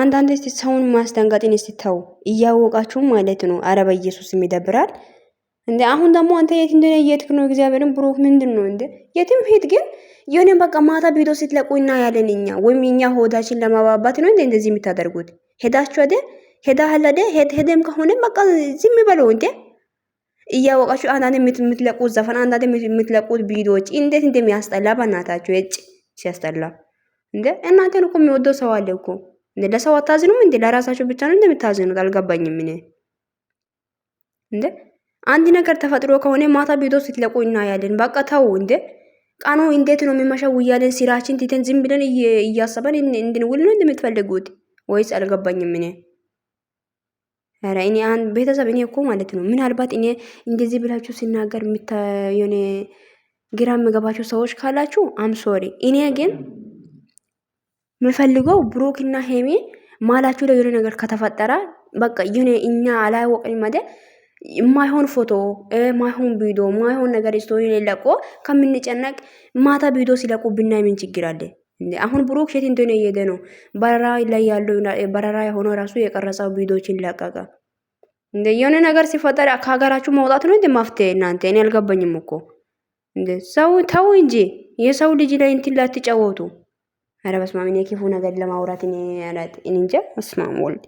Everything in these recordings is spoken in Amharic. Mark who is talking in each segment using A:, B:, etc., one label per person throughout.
A: አንዳንድ እስቲ ሰውን ማስደንገጥን እስቲ ተው፣ እያወቃችሁ ማለት ነው። አረበ ኢየሱስ ይደብራል እንዴ! አሁን ደግሞ አንተ የት እንደሆነ የትክ ነው? እግዚአብሔርን ብሮክ ምንድን ነው እንዴ? የትም ሄድ ግን የሆነ በቃ ማታ ቪዲዮ ስትለቁ እና ያለን እኛ ወይም እኛ ሆዳችን ለማባባት ነው እንዴ እንደዚህ የምታደርጉት? ሄዳችሁ አይደል? ሄዳ ሄደ ሄደም ከሆነ በቃ ዝም በለው እንዴ! እያወቃችሁ አንዳንድ የምትለቁት ዘፈን፣ አንዳንድ የምትለቁት ቪዲዮዎች እንዴት እንደሚያስጠላ በእናታችሁ እጭ ሲያስጠላ እንዴ! እናንተን እኮ የሚወደው ሰው አለ እኮ እንዴ ለሰው አታዝኑም እንዴ? ለራሳችሁ ብቻ ነው እንደምታዝኑት አልገባኝም። ምን እንዴ አንድ ነገር ተፈጥሮ ከሆነ ማታ ቤቶ ስትለቁ እናያለን። በቃ ተው እንዴ ቀኑ እንዴት ነው የሚመሸው እያለን ሲራችን ትተን ዝም ብለን እያሰበን እንድንውል ነው እንደምትፈልጉት ወይስ? አልገባኝም እኔ ኧረ እኔ አንድ ቤተሰብ እኔ እኮ ማለት ነው ምናልባት እኔ እንደዚህ ብላችሁ ሲናገር የሆነ ግራ የሚገባችሁ ሰዎች ካላችሁ አም ሶሪ እኔ ግን የምፈልገው ብሩክና ሄሜ ማላችሁ ላይ የሆነ ነገር ከተፈጠረ በቃ የሆነ እኛ ላይ አላወቅን መደ ማይሆን ፎቶ ማይሆን ቪዲዮ ማይሆን ነገር ስቶሪ ለቆ ከምንጨነቅ ማታ ቪዲዮ ሲለቁ ብናይ ምን ችግር አለ? አሁን ብሩክ ሸት እንደሆነ እየሄደ ነው። በረራ ላይ ያለው በረራ የሆነ ራሱ የቀረጸው ቪዲዮችን ለቀቀ። እንደ የሆነ ነገር ሲፈጠር ከሀገራችሁ መውጣት ነው እንደ ማፍትሄ። እናንተ እኔ አልገባኝም እኮ እንደ ሰው ተው እንጂ የሰው ልጅ ላይ እንትን ላትጫወቱ አረ በስመ አብ እኔ ክፉ ነገር ለማውራት እኔ እንጃ። በስመ አብ ወልድ።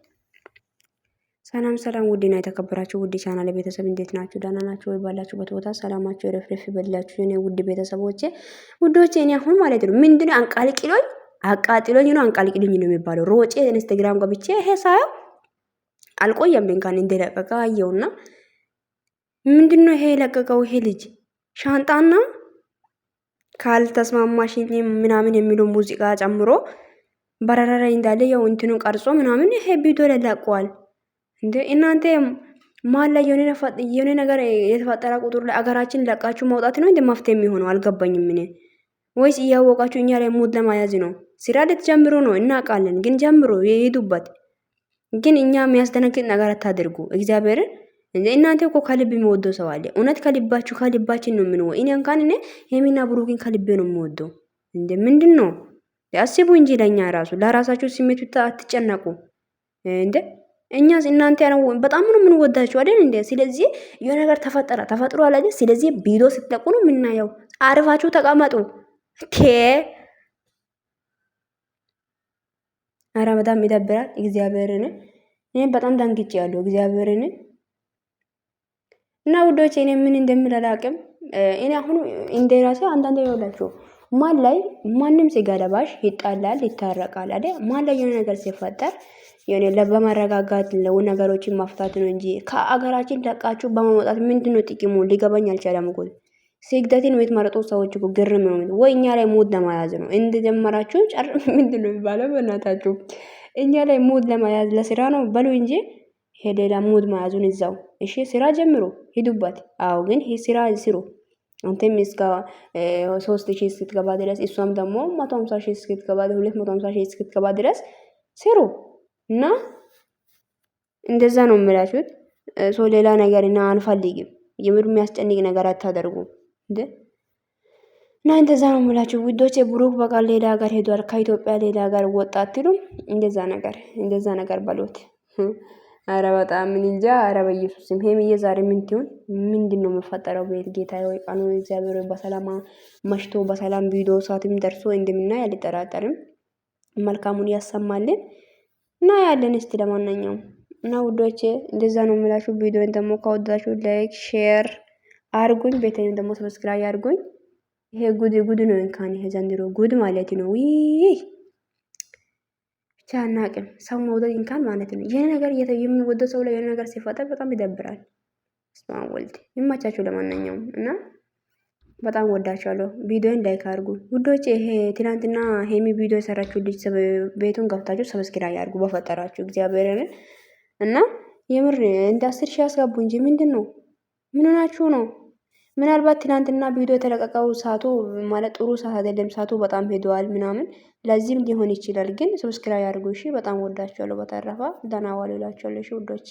A: ሰላም ሰላም፣ ውድና የተከበራችሁ ውድ ቻናል ቤተሰብ እንዴት ናችሁ? ደህና ናችሁ ወይ? ባላችሁበት ቦታ ሰላማችሁ የረፍረፍ ይበላችሁ። እኔ ውድ ቤተሰቦቼ ውዶቼ፣ እኔ አሁን ማለት ነው ምንድን አንቃልቅሎኝ አቃጥሎኝ ነው አንቃልቅሎኝ ነው የሚባለው። ሮጬ ኢንስታግራም ገብቼ ይሄ ሳየው አልቆየም እንኳን እንደለቀቀ አየውና ምንድነው ይሄ የለቀቀው ይሄ ልጅ ሻንጣና ካልተስማማሽኝ ምናምን የሚለው ሙዚቃ ጨምሮ በረረረ እንዳለ ያው እንትኑ ቀርጾ ምናምን ይሄ ቪዲዮ ላይ ለቀዋል። እንዴ እናንተ ማን ላይ የሆነ ነገር የተፈጠረ ቁጥር ላይ አገራችን ለቃችሁ ማውጣት ነው እንዴ መፍትሄ የሚሆነው አልገባኝም። እኔ ወይስ እያወቃችሁ እኛ ላይ ሙድ ለማያዝ ነው? ስራ ልትጀምሩ ነው እናውቃለን፣ ግን ጀምሮ ይሄዱበት። ግን እኛ የሚያስደነግጥ ነገር አታድርጉ እግዚአብሔርን እንዴ እናንተ እኮ ከልብ የሚወደው ሰው አለ። እውነት ከልባችሁ ከልባችን ነው የምንወ እኔ እንኳን እኔ ሄሚና ብሩኪን ከልቤ ነው የምወደው። እንዴ ምንድን ነው አስቡ እንጂ ለእኛ ራሱ ለራሳችሁ ስሜት ብታ አትጨነቁ። እንዴ እኛ እናንተ ያነው በጣም ነው የምንወዳችሁ አይደል እንዴ። ስለዚህ የሆነ ነገር ተፈጠረ ተፈጥሮ አለ አይደል። ስለዚህ ቢዶ ስትለቁ ነው የምናየው። አርፋችሁ ተቀመጡ። ቴ አረ በጣም ይደብራል። እግዚአብሔርን እኔ በጣም ደንግጬ ያለው እግዚአብሔርን እና ውዶች እኔ ምን እንደምል አላቅም። እኔ አሁን እንደ ራሴ አንዳንድ ይወላችሁ ማን ላይ ማንም ሲገለባሽ ይጣላል፣ ይታረቃል አይደል? ማን ላይ የሆነ ነገር ሲፈጠር የሆነ ለው ነገሮችን ማፍታት ነው እንጂ ከአገራችን ለቃችሁ በማውጣት ምንድን ነው ጥቅሙ? ሊገባኝ አልቻለም እኮ ስግደትን የምትመርጡ ሰዎች እኮ ግርም ነው ወይ እኛ ላይ ሙድ ለመያዝ ነው እንደጀመራችሁ ጨር ምንድን ነው የሚባለው? በእናታችሁ እኛ ላይ ሙድ ለመያዝ ለስራ ነው በሉ እንጂ ሄደ ለሙድ መዓዙን እዛው እሺ፣ ስራ ጀምሩ ሂዱበት። አዎ፣ ግን ስራ ስሩ። አንተም እስከ ሶስት ሺህ እስክትገባ ድረስ እሷም ደግሞ መቶ ሀምሳ ሺህ እስክትገባ ሁለት መቶ ሀምሳ ሺህ እስክትገባ ድረስ ስሩ እና እንደዛ ነው የምላችሁት። ሶ ሌላ ነገር እና አንፈልግም። የምር የሚያስጨንቅ ነገር አታደርጉ እንዴ እና እንደዛ ነው የምላችሁ ውዶቼ። ብሩክ በቃ ሌላ ሀገር ሄዷል፣ ከኢትዮጵያ ሌላ ሀገር ወጣ አትሉም? እንደዛ ነገር እንደዛ ነገር በሉት። አረ በጣም ምን እንጃ። አረ በኢየሱስ ስም ሄምዬ ዛሬ ምን ትሆን? ምንድን ነው የምፈጠረው? ቤት ጌታ ወይ ቀኑ እግዚአብሔር በሰላም መሽቶ በሰላም ቪዲዮ ሰዓትም ደርሶ እንደምናይ አልጠራጠርም። መልካሙን ያሰማልን እና ያለን እስቲ ለማናኛውም እና ውዶቼ እንደዛ ነው የምላችሁ። ቪዲዮን ደግሞ ከወዳችሁ ላይክ፣ ሼር አርጉኝ። ቤተኝም ደግሞ ሰብስክራይብ አርጉኝ። ይሄ ጉድ ጉድ ነው እንካን ይሄ ዘንድሮ ጉድ ማለት ነው። ይህ ሲያናቅም ሰው መውደድ እንካን ማለት ነው። ይህ ነገር የሚወደው ሰው ላይ የሆነ ነገር ሲፈጠር በጣም ይደብራል። ስማ ወልድ ይማቻችሁ። ለማንኛውም እና በጣም ወዳችኋለሁ። ቪዲዮን ላይክ አድርጉ ውዶች። ይሄ ትናንትና ሄሚ ቪዲዮ የሰራችሁ ልጅ ቤቱን ገብታችሁ ሰብስክራይብ አድርጉ በፈጠራችሁ እግዚአብሔርን እና የምር እንደ አስር ሺህ ያስጋቡ እንጂ ምንድን ነው? ምንናችሁ ነው? ምናልባት ትናንትና ቪዲዮ የተለቀቀው ሰዓቱ ማለት ጥሩ ሰዓት አይደለም፣ ሰዓቱ በጣም ሄደዋል ምናምን፣ ለዚህም ሊሆን ይችላል። ግን ሰብስክራይብ አድርጉ እሺ። በጣም ወዳቸዋለሁ። በተረፈ ደህና ዋሉ እላችኋለሁ ውዶች።